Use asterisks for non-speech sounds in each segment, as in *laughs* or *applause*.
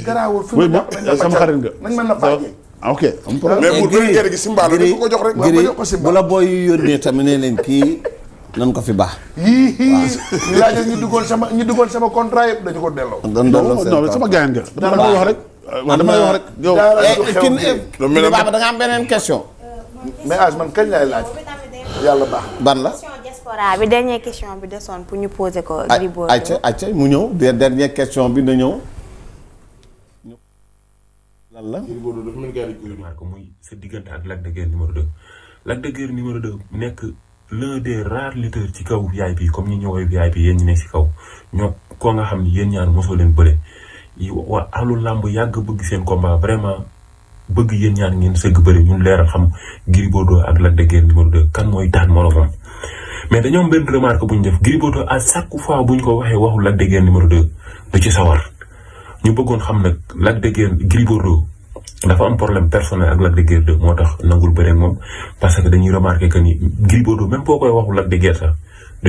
garaawul fi mu jàpp nañ la sama na fàccee. Ah, ok am ah, problème mais bu dul gerte jox rek. waaw ma jox ko booy yónnee tamit ne leen kii nan ko fi baax. yii duggoon sama ñu duggoon sama contrat yëpp ko delloo. dañu sama gaañ nga. dama la wax rek dama la wax rek. yow eh, am beneen question. mais man kañ laay laaj. yàlla ban la. diaspora bi dernière question bi desoon pour ñu poser ko. Gris Bordeaux mu ñëw dernière question bi na ñëw lan la Gris Bordeaux dafa mel gars yi ko muy sa diggante ak Lac de Guiers numéro 2. Lac de Guiers numéro 2 nekk l'un des rares lutteurs ci kaw VIP comme yéen ñi ci kaw ñoo koo nga xam ni yéen ñaar leen bëre waa alu làmb yàgg bëgg seen combat vraiment bëgg yéen ñaar ngeen sëgg bëri ñun leeral xam Gris Bordeaux ak Lac de Guiers numéro 2 mooy daan moroomam mais dañoo am benn remarque bu ñu def Gris Bordeaux à chaque fois bu ñu ko waxee waxu Lac de Guiers numéro 2 du ci sawar. ñu bëggoon xam nag Lac de Guiers Gris Bordeaux dafa am problème personnel ak Lac de moo tax nangul bëre moom parce que dañuy remarqué que ni Gris Bordeaux même boo koy waxu Lac de Guiers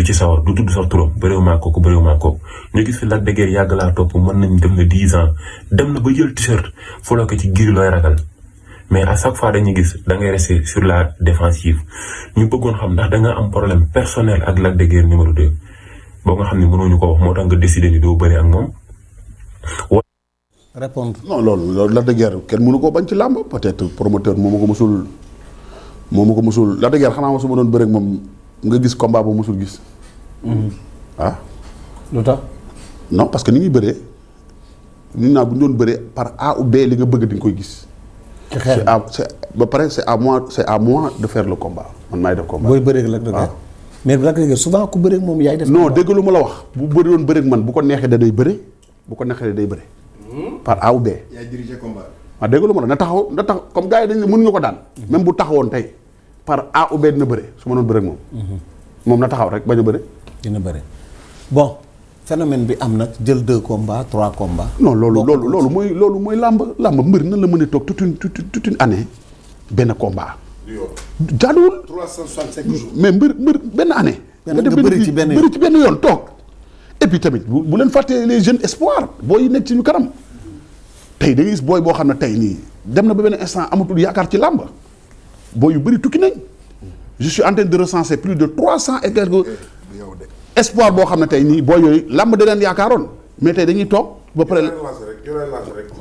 ci sawar du tudd sax turam bëriwumaa kooku bëriwumaa kooku ñu gis fi Lac de Guiers yàgg laa topp mën nañ dem na 10 ans dem na ba jël t-shirt ko ci Gris looy ragal mais à chaque fois dañuy gis da ngay rester sur la défensive ñu bëggoon xam ndax da nga am problème personnel ak Lac de Guiers numéro 2 boo nga xam ne mënuñu ko wax moo tax nga décider ni doo bëri ak moom. répondre non loolu loolu Lac de Guiers kenn mënu koo bañ ci làmb peut-être promoteur moom ma ko mosul moom ma ko mosul la de Guiers xanaa ma su ma doon bëreeg moom nga gis combat ba mosul gis. Mhm. ah. tax. non parce que ni ñuy bëree naa bu ñu doon par A B li nga bëgg di koy gis. ci xeer ba pare c'est à moi c'est à moi de faire le combat man maay def combat. booy bëreeg Lac de ah. mais Lac de souvent ku bëreeg moom yaay def. non dégg lu ma la wax bu bëri doon bëreeg man bu ko neexee da day bëri. bu ko naqaree day bëre. Hmm? par A ou B. yaa dirigé combat. waaw dégg lu ma la na taxaw na tax comme gars yi dañ ne mën nga ko daan. Hmm. même bu taxawoon tey par A ou B dina bëre su ma doon bëre hmm. moom. na taxaw rek bañ a bëre. dina bëre bon phénomène bi am nag jël deux combats trois combats. non loolu loolu mooy loolu mooy làmb làmb mbër na la mën toog toute une toute une année benn combat. jaaduwul. 365 jours mais mbër mbër benn année. nga dem bëri ci benn bëri ci benn yoon toog. et puis tamit bu bu leen fàttee les jeunes espoirs booy yi nekk ci ñu kanam tey da booy boo xam ne tey nii dem na ba benn instant amatul yaakaar ci làmb booy yu bëri tukki nañ je suis en train de recenser plus de trois cent et quelques eh, espoir boo xam ne tey nii booy yooyu làmb da leen yaakaaroon mais tey dañuy toog ba pare.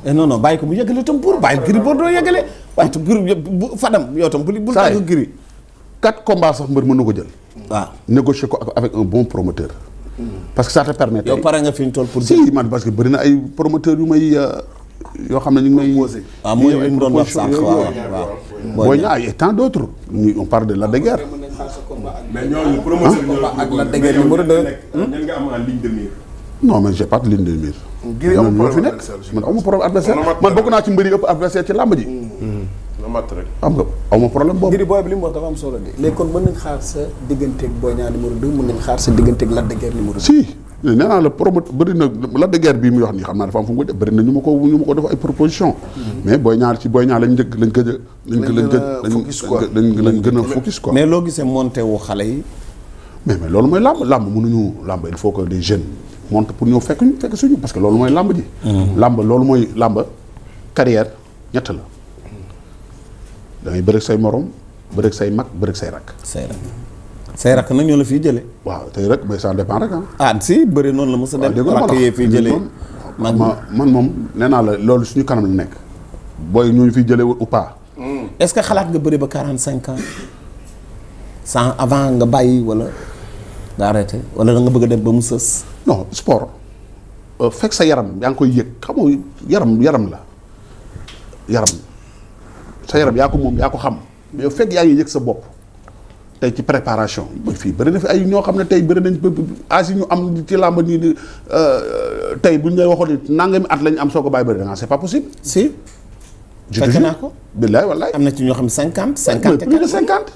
Eh, non non bàyyi ko mu yëgale tam pour bàyyi Gris Bordeaux yëgale waaye tam pour bu Fadam yow tam bul bul tàgg Gris quatre combats sax mbër mën na ko jël. waaw négocier ko avec un bon parce que ça te permet. yow pare nga fi ñu toll pour. si man parce que bëri na ay promoteurs yu may euh, yoo xam ne ñu ngi may. posé ah mooy li mu doon wax sànq waaw d' ñu on de Lac de Guiers. mais ñooñu ah, nga hmm? am en de mire. pas de ñoo fi nekk man amul problème man bokk naa ci mbëri ëpp adversaire ci làmb ji. Hmm. mat rek. am nga aw ma problème boobu. ngir booy bi li mu wax dafa am solo de. léegi kon mën nañ xaar sa digganteeg Boy Niang xaar sa digganteeg Lac de Guiers numéro 2. si nee la promoteur bëri na Lac de muy wax nii xam naa dafa am mu ko def bëri ñu ma ko ñu proposition hmm. mais Boy Niang ci Boy Niang lañ njëkk lañ a. gën a focus quoi lañ lañ gën a focus quoi. mais loo gisee monté wu xale yi. mais mais loolu mooy làmb làmb mënuñu làmb il faut que les jeunes montent pour ñëw fekk ñu fekk suñu parce que loolu mooy làmb ji. Hmm. loolu mooy làmb carrière ñett la dangay bëreeg say morom bëreeg say mag bëreeg say rakk. say rakk say rakk nag ñoo la fii jëlee. waaw tey rek mais ça dépend rek ah. ah si bëri noonu la mos a dem. waaw rakk yee fiy jëlee man moom nee naa la loolu suñu kanam la nekk. booy ñooñu fiy jëlee ou pas. Mm. est-ce que xalaat nga bëri ba quarante cinq ans sans avant nga bàyyi walla nga arrêté wala da nga bëgg a dem ba mu sës. non sport euh, fekk sa yaram yaa ngi koy yëg xam yaram yaram la yaram. sa yaram yaa ko moom yaa ko xam mais yow fekk yaa ngi yëg sa bopp tey ci préparation fii bëri na fi ay ñoo xam ne tey bëri nañ âge ñu am ci làmb nii tey bu ñu lay waxoon ni nangami at lañu am soo ko bàyyi bëri da nga c'est pas possible. si. fekk naa ko billaay wallaay am na ci ñoo xam cinquante cinquante plus de cinquante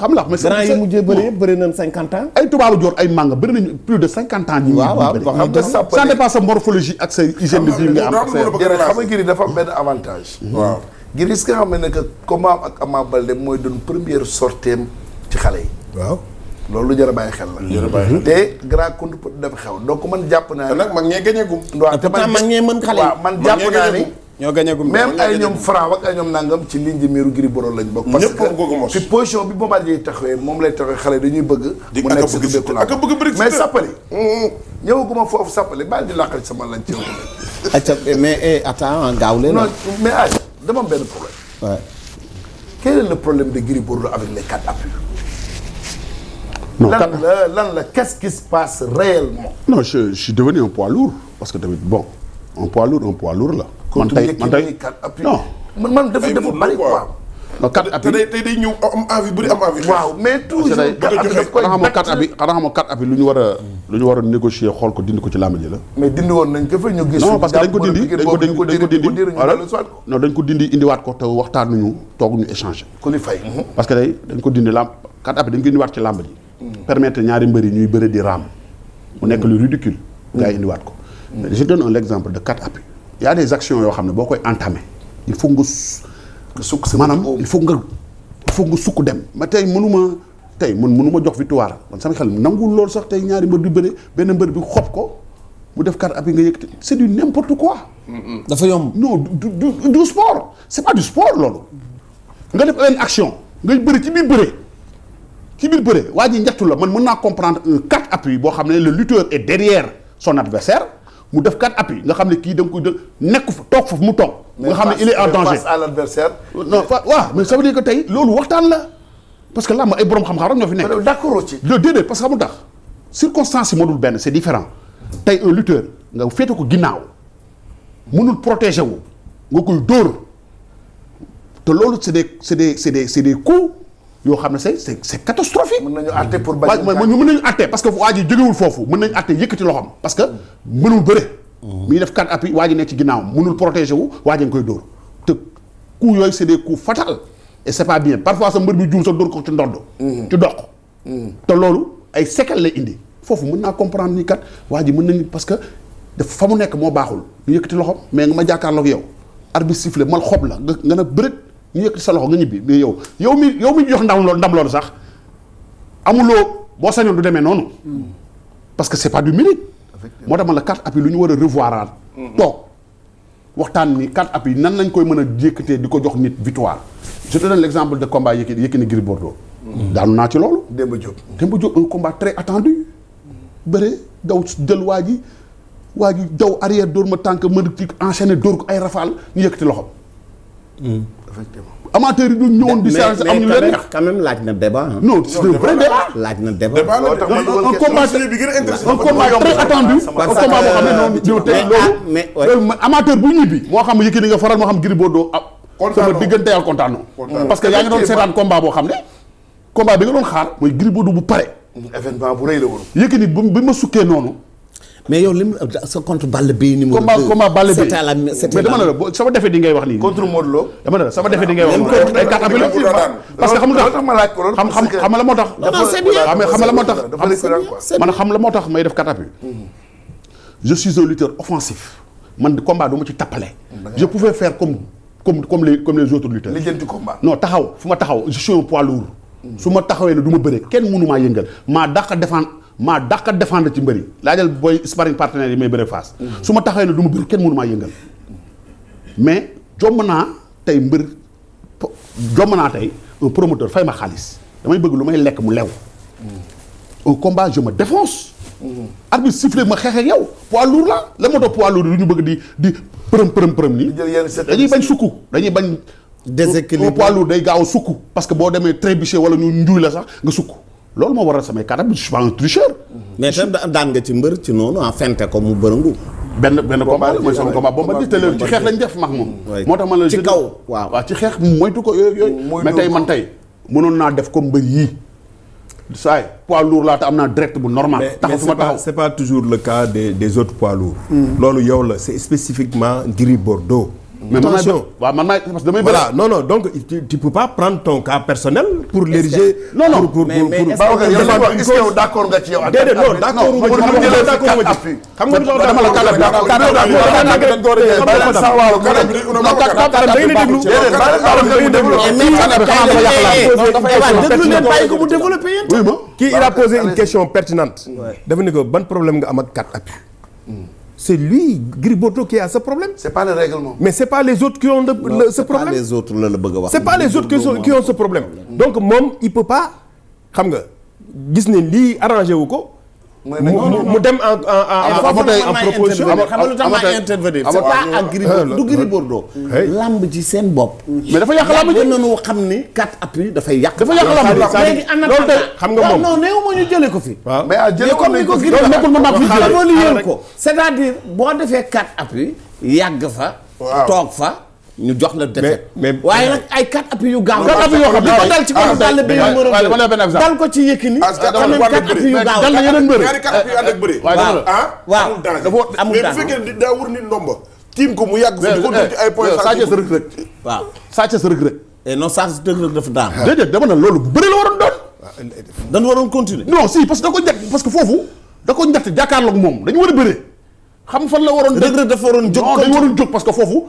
xam la mais grand yi mujjee bëri yëpp bëri nañ cinquante ans ay tubaabu joor ay mànga bëri nañu plus de cinquante ans ñi ngi ça sa morphologie ak sa hygiène de nga am xam nga kii dafa am avantage waaw Gris nga xam ne que combat ak Ama Baldé mooy doon première sorteem ci xale yi. waaw loolu lu xel la. lu jar a bàyyi xel te grand compte pour dafa xew donc man jàpp naa ne. nag mag ñee gañeegum. waaw te man mag man jàpp naa ni. ñoo gañeegum même ay ñoom Franc ak ci ligne de mire Gris Bordeaux lañ bokk. ñëpp a bëgg bi Bombardier taxawee moom lay taxawee xale dañuy bëgg. di ak a bëgg si ak mm-hmm. foofu sàppali baal di laqal sama lañ ci yow. Eh, gaaw leen mais dama am benn problème. waaw. quel est le problème de Gris Bordeaux avec les quatre appuis. non lan la lan la qu'est-ce qui se passe réellement. non je je suis devenu un poids lourd parce que tamit bon un poids lourd un poids lourd la. man tey man tey non. man man dafa dafa bari quoi. non quatre appuis te day day a. lu ñu war a négocier xool ko dindi ko ci làmb ji la. mais dindi woon nañ ko fa ñu gis. non parce que dañ ko dindi dañ ko dindi dañ ko dindi dañ ko dindi indiwaat ko te waxtaanuñu mm-hmm. dañ ko dindi làmb quatre appuis dañ ko indiwaat ci làmb ji. Mm-hmm. permettre ñaari mbër yi ñuy bëre di raam. mu nekk lu ridicule. Mm-hmm. gars yi indiwaat ko. je donne un exemple de quatre appuis. y a des actions yoo xam ne boo koy entamer il faut nga sukk si maanaam il faut nga il nga sukk dem. ma tey mënuma tey man mënuma jox victoire man sama xel nangul loolu sax tey ñaari mbër di bëre benn mbër bi xob ko mu def carte ab yi nga yëg c'est du n'importe quoi. dafa yomb non du du du sport c'est pas du sport loolu. nga def leen action ngay bëri ci biir bëre ci biir bëre waa ji njattu la man mën naa comprendre un quatre boo xam ne le lutteur est derrière son adversaire mu def quatre appui nga xam ne kii da nga koy nekk fa toog foofu mu toog. nga xam ne il est en danger face à l'adversaire non waaw mais ça veut dire que tey loolu waxtaan la parce làmb ay borom xam-xam rek ñoo fi nekk. d'accord ci. déedéet parce que xamul tax circonstance yi moo dul benn c'est différent tey un lutteur nga féete ko ginnaaw mënul protéger wu nga koy dóor te loolu c'est des c'est des c'est des yoo xam ne c'est c'est c'est catastrophique. nañu àtte pour parce que waa ji jógewul foofu mën nañu àtte yëkkati loxoom parce que mënul bëre. muy def quatre appui waa ji nekk ci ginnaaw mënul protéger wu waa ji nga koy dóor te coups yooyu c'est des coups fatals et c'est pas bien parfois sa mbër bi juum sa dóor ko ci ndodd mm-hmm. ci doq mm-hmm. te loolu ay séquelles lay indi foofu mën naa comprendre ni kat waa ji mun nañu parce que daf fa mu nekk moo baaxul ñu yëkkati loxo mais nga ma jàkkaarloog yow arbitre sifflé mal xob la nga nga na bërët ñu yëkkati sa loxo nga ñibbi mais yow yow mi yow mi jox ndam loolu ndam loolu sax amuloo boo sañoon du demee noonu mm-hmm. parce que c'est pas du mérite moo tax man la carte appui lu ñu war a revoiraat toog waxtaan ni carte appui nan lañ koy mën a yëkkatee di ko jox nit victoire je te donne l' exemple de combat Yékini Yékini Gris daanu naa ci loolu Demba Diop Demba Diop un combat très attendu bëre daw jël waa ji waa ji daw arrière dóor ma tànk mën ci enchaîné door ko ay rafaal ñu yëkkati loxo amateur yi du ñëwoon di charge am ñu leen quand même laaj na débat non c'est un vrai débat laaj na débat un combat bi attendu un combat boo xam ne noonu ñëw tey loolu ah, euh, amateur bu ñibbi moo xam Yékini nga faral moo xam Gris Bordeaux ah, sama diggante ak kontaanoo parce yaa ngi doon seetaan combat boo xam ne combat bi nga doon xaar mooy Gris Bordeaux bu pare événement woon Yékini bi ma sukkee noonu mais yow lim sa contre Balla Beye numéro 2. combat combat Balla Beye mais dama ne la sama defee di wax nii. dama ne la sama defee di wax ay parce que xam nga tax ma laaj ko loolu. xam xam la moo tax. xam la moo tax. man xam la moo tax may def carte appel. Mm-hmm. je suis un lutteur offensif man combat du ma ci tappale. Mm-hmm. je pouvais faire comme comme comme les comme les autres lutteurs. lijjanti taxaw fu ma taxaw je suis un poids lourd. Mm-hmm. su ma taxawee ne du ma kenn mënu maa maa dàq défendre maa dàq a défendre ci mbëri laajal booy sparring partenaire yi may bëre su ma taxawee ne du ma bëri kenn mënu yëngal. mais jomm naa tey mbër jomm naa tey un promoteur fay ma xaalis damay bëgg lu may lekk mu lew. un combat je me défonce. arbitre sifflé ma xeex ak yow poids la la moo tax poids du ñu bëgg di di përëm përëm përëm nii. dañuy bañ sukk dañuy bañ. déséquilibre poids lourd day gaaw a sukku parce que boo demee trébuché wala ñu njuuy la sax nga sukku. loolu moo a samay kàddu je suis pas un tricheur. mais tam daan nga ci mbër ci noonu en fente ko mu bërëngu. benn benn combat la mooy sama combat Bombardier te léegi ci xeex lañ def max moom. moo tax man la ci kaw waaw waaw ci xeex moytu ko yooyu yooyu. mais tey man tey mënoon naa def comme mbër yii. saa yi poids lourd laa te am naa direct bu normal. taxaw fi ma taxaw c'est pas toujours le cas des des autres poids lourds. Hmm. loolu yow la c'est spécifiquement Gris Bordeaux. mais attention waaw man maay parce que damay. voilà non non donc tu tu peux pas prendre ton cas personnel. pour l'ériger non non pour pour est-ce que yow d'accord nga ci yow. déedéet non d'accord nga ci xam nga lu dama la kàlla d'accord d'accord d'accord d'accord c'est lui Gris Bordeaux qui a ce problème. c'est pas le règlement. mais c'est pas les autres qui ont le, ce problème. c'est pas les autres a wax. c'est pas les qui ont ce problème. donc moom il peut pas xam nga gis ne lii arrangé wu ko. mu dem en en proposition xam nga lu tax ma intervenir c'est pas ak Gris Bordeaux du seen bopp mais dafa yàq lamb ji nañu xam ni quatre appuis dafay yàq dafa yàq lamb ji léegi am na loolu de xam nga moom non néew ma ñu jële ko fi ah, mais comme ni ko Gris nekkul ma mag fi jële ko c'est-à-dire boo defee quatre appuis yàgg fa toog fa ñu jox la défaite mais waaye nag ay quatre appui yu gaaw. quatre appui yoo xam ne li ko dal ci kaw dal bi mu dal ko ci yëkkini. quand même quatre appui yu waaw ah, ah, waaw amul dara daa wër ni ndomba. tiim ko mu yàgg fi di ko eh, dugg ay points. Eh, eh, dafa daan. Ah. déedéet dama ne loolu bëri la waroon doon. dañu waroon continuer. non si parce da ko njëkk parce foofu da ko njëkk jàkkaarloog moom dañu war bëree xam fan la waroon. rëg dafa waroon jóg dañu waroon jóg parce que foofu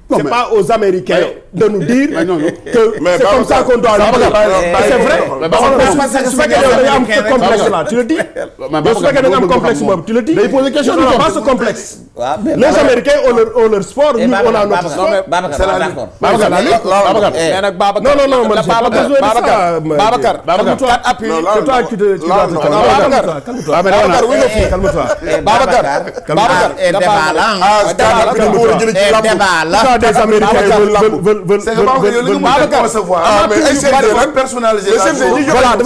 c'est pas aux Américains de nous dire que c'est comme ça qu'on doit le dire c'est vrai su fekkee yow da nga am ce complexe là tu le dis su fekkee da nga am complexe boobu tu le dis non pas ce complexe les Américains ont leur ont leur sport eh, nous on a notre sport c'est la lutte Babacar la lutte eh, Babacar mais nag Babacar non non non man eh, Babacar Babacar toi appui toi tu te tu dois te Babacar Babacar oui le Babacar Babacar Babacar des Américains veulent veulent veulent voilà dafa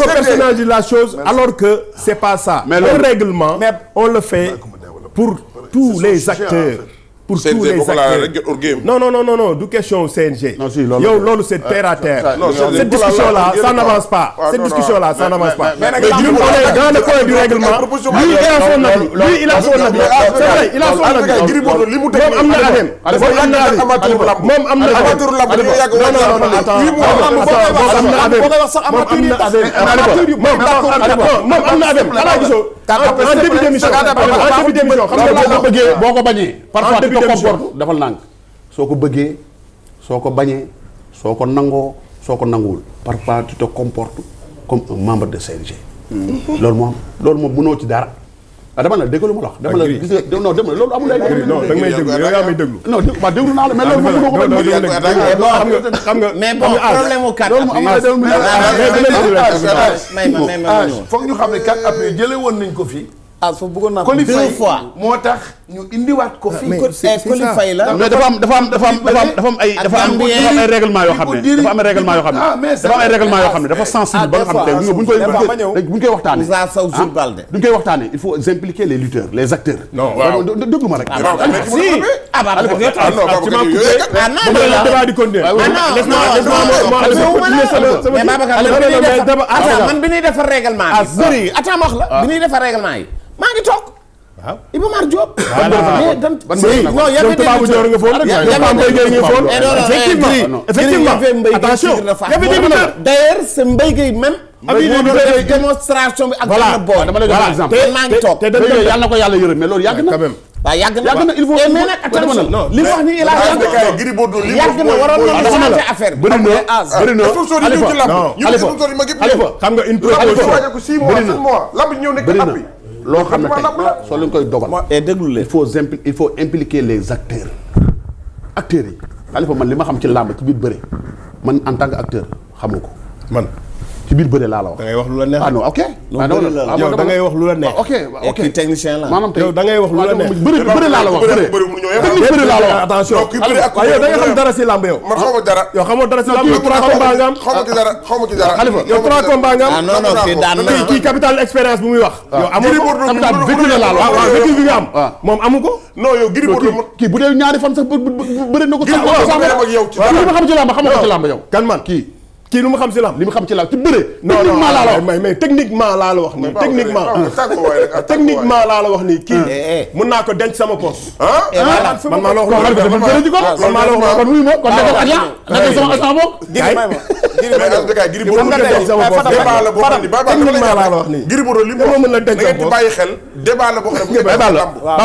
personnaliser la chose alors que c'est pas ça. mais le règlement on le fait pour tous les acteurs. pour CNG tous non non non non non du question CNG. yow loolu c'est ah, terre à terre. cette discussion là ça n'avance pas. Ah, cette discussion là ça n'avance pas. mais mais ñun on est dans le am na avis. moom am na avis moom am na avis. non am na avis Ah, en début d'émission en début d'émission xam boo ko bëggee boo ko bañee parfois nànk soo ko bëggee soo ko bañee soo ko nangoo soo ko nanguwul parfois tu te comportes comme un membre de CNG hmm. loolu moom loolu moom mënoo ci dara ah dama la déglu ma la wax dama la gis nga non dama la loolu amul ay non da nga may déglu yow yaa may déglu non waaw déglu naa la mais loolu mënu ko ko xam nga mais bon problème mu 4 appuis mais foog ñu xam ne 4 appuis jële woon nañ ko fii ah foofu bëggoon naa ko deux fois moo tax ñu indiwaat ko fii. mais eh, la. mais dafa am dafa am dafa am ay dafa yoo xam ne dafa am ay règlement yoo xam ne dafa am ay règlement yoo xam ne ah, dafa sensible ah, ba nga xam ne bu ñu koy bu ñu koy waxtaanee. Ah, bu ñu koy waxtaanee il faut impliquer les lutteurs les acteurs. non waaw déglu ma rek. si ah maa ngi toog. waaw Iba Mar Diop. voilà ban ban non y' avait des lutteurs nga fóon y' avait des lutteurs bi ak. voilà dama lay te maa toog te yàlla na ko yàlla yërëm mais loolu na. Ah, waaw yàgg na waaw eh, il faut mais nag attention li mu wax nii il na yàgg na waroon nañu changé affaire bi. bëri na bëri na Alifa Alifa xam nga une précaution bëri na bëri na loo xam ne tey soo leen koy dogal. et eh, déglu leen il faut impli il faut impliquer les acteurs. acteurs yi Khalifa man li ma xam ci làmb ci biir bëri man en tant que acteur xamu ko man. ci biir bëre laa la wax. da wax lu la neex ah, ok. Ah, yow da wax lu la neex. Ah, ok ok la. maanaam tey da ngay wax lu laa la wax bëre bëre laa la wax. da nga xam dara si làmb yow. man xaw ma kii kii capital expérience bu muy wax. yow amoo capital vécu la laa la wax. moom amu ko. non yow Gris Bordeaux kii bu dee ñaari fan sax bëre na ko. sax bëre na ko yow ci xam nga ko ci làmb kan man kii lu mu xam si lam li mu xam ci lam ci bëre. non techniquement laa la wax nii. techniquement techniquement laa la wax nii kii. mun naa ko denc sama poche. ah man maa la wax loolu man ji ko man maa la ko denc sama poche débat la boo xam nii. giri boo la denc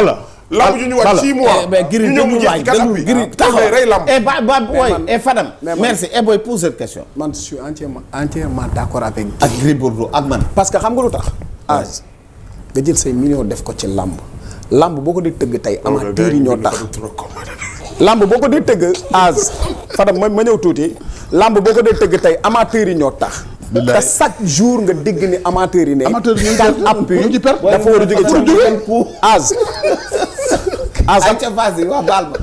la lamb ju ñu war 6 mois. Eh, ñu ñëw mu jeex gàllankoor bi giri ah, taxaw et eh, ba ba booy et eh, Fadam. merci et booy pose cette question. man je suis entièrement d' accord avec. ak Gris ak man. parce que xam nga lu tax. ah nga jël say millions def ko ci lamb. lamb boo ko di tëgg tey oh, amateur yi ñoo tax. lamb boo ko dee tëgg az ah, Fadam ma ma ñëw tuuti lamb boo ko dee tëgg tey amateur yi ñoo tax. te chaque jour nga dégg ni amateur yi ne. amateur yi ñu ci perte dafa war a jóge ci az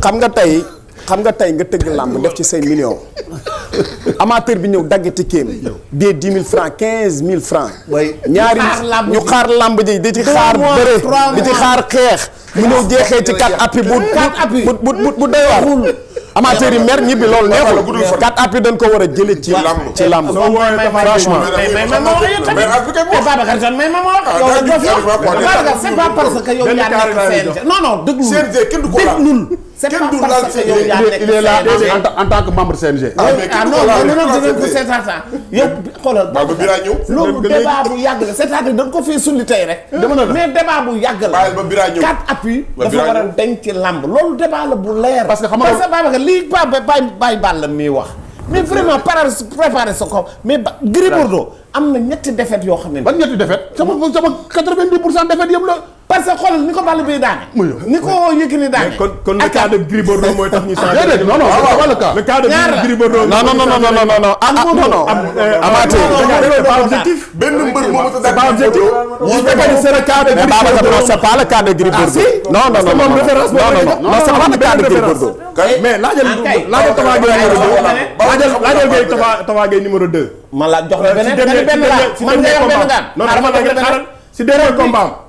xam nga tey xam nga tey nga tëgg làmb def ci say millions amateur bi ñëw dagg tikkeem bee dix mille francs quinze mille francs ñaari ñu xaar làmb ji di ci xaar bëre di ci xaar xeex mu ñëw jeexee ci quatre appuis bu bu bu bu doy waar amateur yi mer ñibbi loolu neexul quatre appuis dañ ko war a jële ci lamb ci lamb franchement mais mais mais mais c'est pas parce que yow loolu débat bu yàgg la c'est-à-dire ko fee sulli tey rek. la mais débat bu yàgg la. ba biraa ñëw dafa war a denc ci làmb loolu débat la bu leer. parce que xam nga parce lii ba bàyyi baal la muy wax. mais vraiment préparé sa kaw mais ba. Gris Bordeaux am na ñetti défaite yoo xam ne. ba ñetti défaite sama sama quatre-vingt-dix pour cent défaite yëpp la. parce que xoolal ni ko Balla Gaye daane. ni ko Yékini daane. kon kon le cas de mooy tax ñu. Ah, déedéet non non le cas le cas de Gris Bordeaux. non non non non non non ah, ah non non. Euh, amaatee c'est pas objectif. benn ah, mais laajal laajal Tapha Gueye numéro si dernier combat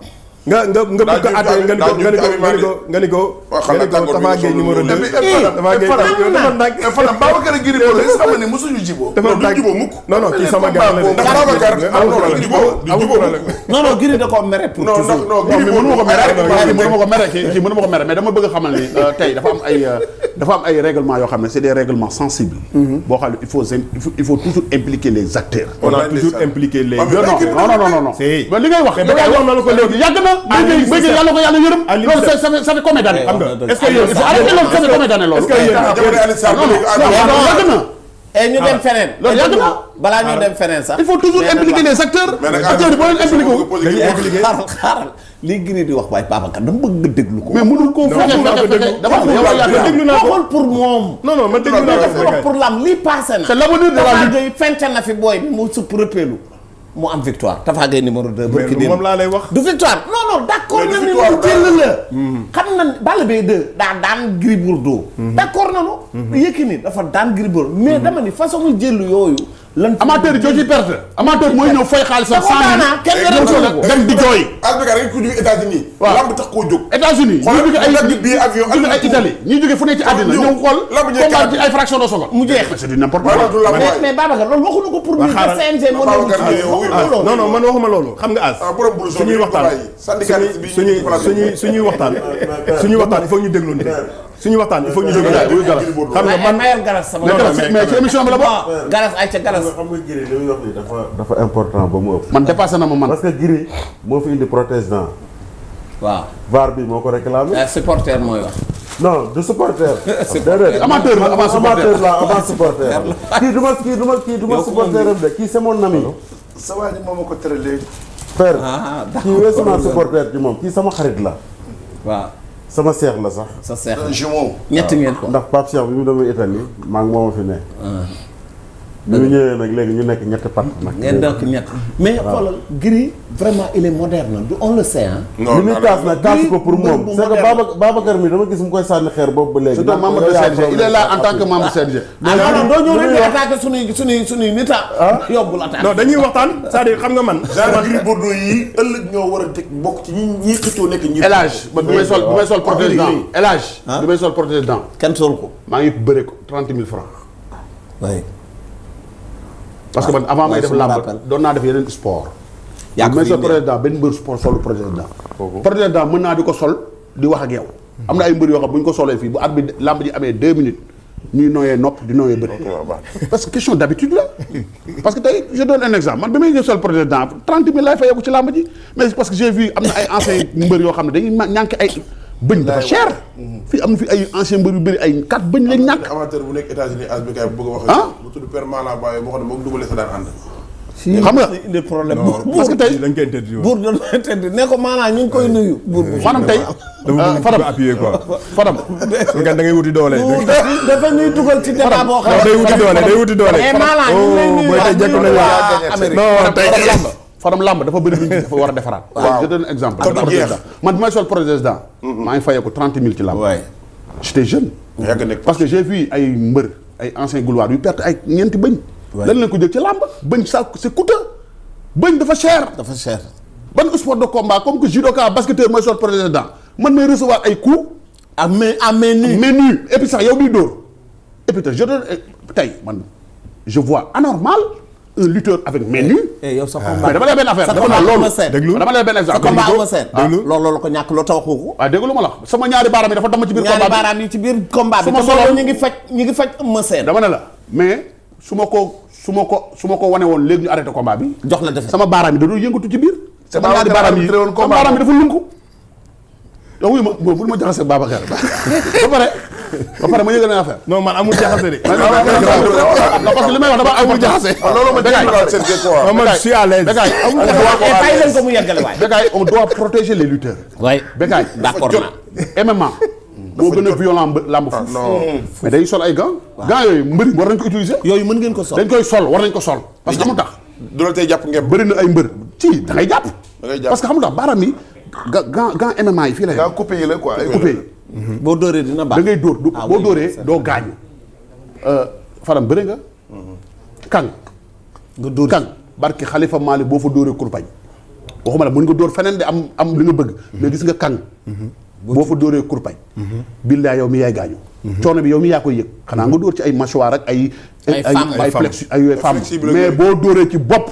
nga nga nga bëgg a àtte nga ni ko nga ni ko nga ni ko nga ni ko Tapha eh, eh, Gueye numéro 2. Tapha eh, Gueye dafa nag Fadam Babacar ak Gris Bordeaux xam nga ne mosuñu jiboo. dafa nag duñ jiboo mukk. non non kii sama gars la de. ndax Babacar amul problème amul problème. non non Gris da koo mere pour toujours. non non Gris mënu ma ko mere mënu ma ko mere kii mënu ma ko mere mais dama bëgg a xamal ni euh, tey dafa am ay euh, dafa am ay règlement yoo xam ne c'est des règlements sensibles. Mhm. boo xam ne il faut il faut toujours impliquer les acteurs. la eh, dem ah. feneen. loolu yàgg na eh, balaa ñu ah. dem feneen sax. il faut toujours impliquer les acteurs. acteurs yi boo leen impliqué wu. lii Gris di wax waaye Babacar dama bëgg nga déglu ko. mais mënul koo fexe fexe la déglu naa ko pour moom. non non man déglu na. de la fi booy mu supp rëppeelu mu am victoire Tafa Gueye numéro moom laa lay wax. du victoire non non na ni mu jël la. Mhm. xam na Balla Gaye 2 daa daan Gris Bordeaux. Mhm. d'accord na lu. Mhm. Yékini dafa daan Gris mais dama ni façon jël yooyu. lan amateur yi jooju perte. amateur mooy ñëw fay xaalisam. te kontaan naa kenn yore di jooy. Albuquerque rek tax koo jóg. États-Unis ñu jóge jóge ay Italie ñu jóge fu ne loolu waxuñu ko pour. ñu ba CNG mën na ah, non non man waxuma ah, waxtaan suñuy suñuy suñuy waxtaan *laughs* suñuy waxtaan il faut ñu suñu waxtaan bi la bokk galas ay ca galas xam nga Guiré li muy wax ni dafa dafa important ba mu ëpp man dépassé na ma man parce que moo fi indi protestant waaw VAR bi moo ko réclamé euh, supporter mooy wax non du supporter *laughs* déedéet amateur la avant amateur la avant supporter kii du kii du kii du supporter de kii c'est mon ami sa moom a ko tere léegi frère ah, kii weesu naa supporter ci moom kii sama xarit la waaw sama seex la sax. sa seex la jumeau. ñett ngeen ko. ndax Pape Cheikh bi mu demee Italie maa ngi moom a fi ne. Ah. ñu ñëwee nag léegi ñu nekk ñetti pat nag. ngeen nekk ñett mais xoolal Gris vraiment ko pour moom. c'est que Baba Babacar mi dama gis mu koy sànni xeer boobu ba léegi. surtout membre de CNG il est là en tant que membre CNG. Ah, non nit a. yóbbul attaque non dañuy waxtaan cest à xam nga man. genre Gris Bordeaux yi ëllëg ñoo war a teg bokk ci ñi ñi xëccoo nekk ñi. El Hadj man du may sol du may sol ah, protège dent El ah? du may sol protège dent. kenn sol ko. maa ngi bëre ko trente mille francs. waaye. parce que avant may def làmb doon naa def yeneen sport. yaa ngi ko président benn mbër sport solu président. président mën naa di ko sol di wax ak yow. am na ay mbër yoo xam bu ñu ko solee fii bu at bi làmb ji amee deux minutes ñuy noyee nopp di noyee bët. parce question d' la. *laughs* parce que tey je donne un exemple man bi may ñëw sol président trente mille laay fayeeku ci làmb ji mais parce que j'ai vu am na ay anciens mbër yoo xam ne dañuy ñànk bëñ dafa cher. fii am na fi ay ancien mbër yu bëri ay kat bëñ lañ ñàkk. amateur bu nekk États-Unis as bi kay bëgg a wax. ah bu tudd Père Mala Baye boo xam ne moom Double Less daan ànd. si xam nga indi problème. parce que tey dañ koy tëdd buur dañ koy tëdd ne ko maanaam ñu ngi koy nuyu. buur bu maanaam tey. Ah, Fadam appuyer quoi Fadam. su da ngay wuti doole. dafa ñuy dugal ci débat boo xam ne day wuti doole day wuti doole. mais eh, maanaam ñu ngi lay oh, nuyu. booy tey jekk nañ la non tey faram làmb dafa bëri lu dafa war a defaraat. waaw je donne exemple. man bi may sol président. Mm-hmm. maa ngi fayee ko parce que j'ai vu ay mbër ay anciens gloires yu perte ay ñeenti bëñ. dañ leen ko jël ci làmb bëñ ça c'est coûteux bëñ dafa cher. dafa cher. ban sport de combat comme que judoka basketteur mooy sol président man may recevoir ay coups. à main à main nue main nue et puis sax yow biy dóor et puis je donne euh, tey man je vois anormal. un lutteur avec main eh, nue. Eh, yow sa ah. combat dama lay benn affaire dama la loolu déglu dama lay benn exemple. sa combat Eumeu Sène déglu ah, loolu la ko ñàkk loo taxawu ko. waaw ah, déglu ma la sama ñaari baaraam yi dafa dama ci biir. combat bi ñaari baaraam yi ci biir combat bi. solo ñu ngi faj ñu ngi faj Eumeu Sène. dama ne la mais su ma ko su ma ko su ma ko wane woon léegi ñu arrêté combat bi. jox la defe sama baaraam yi da doon yëngatu ci biir. sama ñaari baaraam yi sama baaraam yi dafa lunku. yow wuyu ma bul ma jaxase Babacar *laughs* ba pare ba pare ma yëgal na affaire. non man amul jaxase de. *laughs* parce que li may wax dafa amul jaxase. loolu ma je suis à l'aise. Bécaye amul jaxase Bécaye on doit protéger les lutteurs. waay Bécaye. d'accord na MMA. gën a violent làmb ah, foofu. Hmm. mais day sol ay gants. gants yooyu mbëri war nañ ko utiliser. yooyu mën ngeen ko sol dañ koy sol war nañ ko sol. parce que amul tax. du la tey jàpp ngeen bëri na ay mbër. ci da ngay jàpp. da ngay jàpp parce que xam nga baaraam yi. ga gants yi fii la. la quoi Mhm. boo dóoree dina baax ngay dóor du ah, boo dóoree doo gaañu. Euh, faram bëri nga. Mhm. kang nga dóor kang barki xalifa Mali boo fa dóoree kurpañ waxuma la mën nga dóor feneen di am am li nga bëgg. Mhm. mais gis nga kang boo fa dóoree kurpañ. billaa yow mi yaay gaañu. coono bi yow mi yaa koy yëg. xanaa nga dóor ci ay mâchoire ak ay. ay ay flex ay yooyu femme mais boo dóoree ci bopp.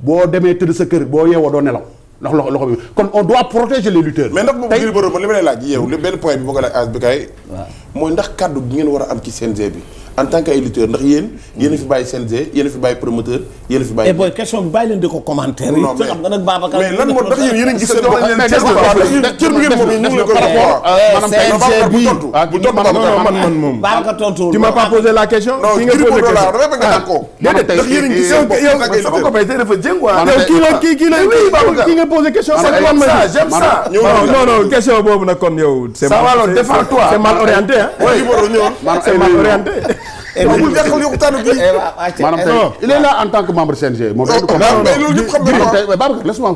boo demee tëdd sa kër boo yeewoo doo nelaw. ndax loxo loxo bi kon on doit protéger les lutteurs. mais ndax moom Gris Bordeaux li ma lay laaj yow hmm. benn point bi boo ko laaj as bi kay. waaw mooy ndax kàddu gi ngeen war a am ci CNG bi. en tant que ay lutteurs ndax yéen yéen a fi bàyyi CNG yéen a fi bàyyi promoteur yéen fi bàyyi. et eh bi bàyyi leen di ko commentaire. non mais xam nga nag Babacar. bu eh, ah, tontu non kii boobu la la rafet nga daan koo. déedéet nga posé question. c'est non non question boobu nag kon yow. c'est mal orienté c'est mal orienté. amul nga xam waxtaanu bi maanaam tey il est là en tant que membre CNG. moom loolu ñëpp xam nañu ko